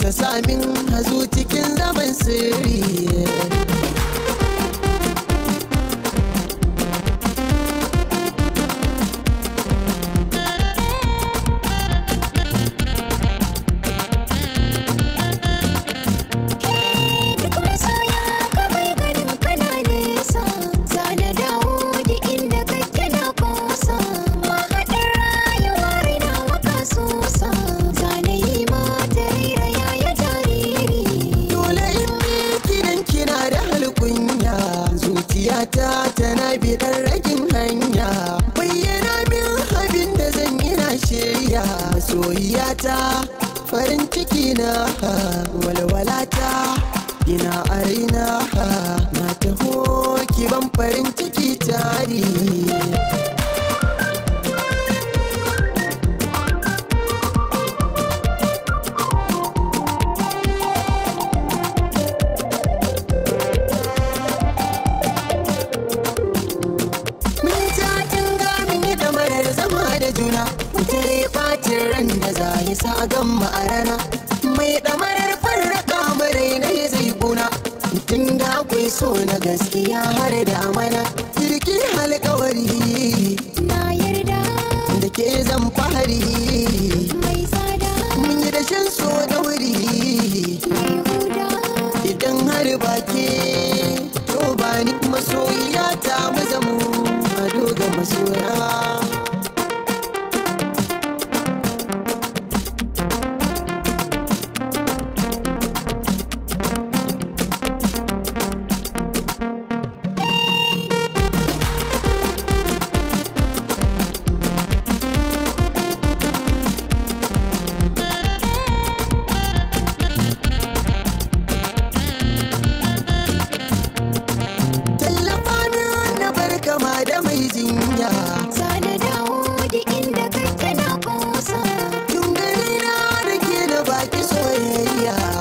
hausa min hazo cikin zaman sirri ta tana dan ragin hanya bayyana min abin da zan yi na shirya soyayya ta farin ciki na walwala ta ina arina na taho ban farin ciki tari juna kutare ɓacin ran da za ya sa gamma a rana mai ɗamarar farraka marai na zai kuna tun da akwai so na gaskiya har da amana kirki alkawari na yarda da ke zan fahari mai tsada mun yi dashen so da wuri idan har ba ke to ba ni masoyiya ta mazamu a ga masoya yeah, yeah.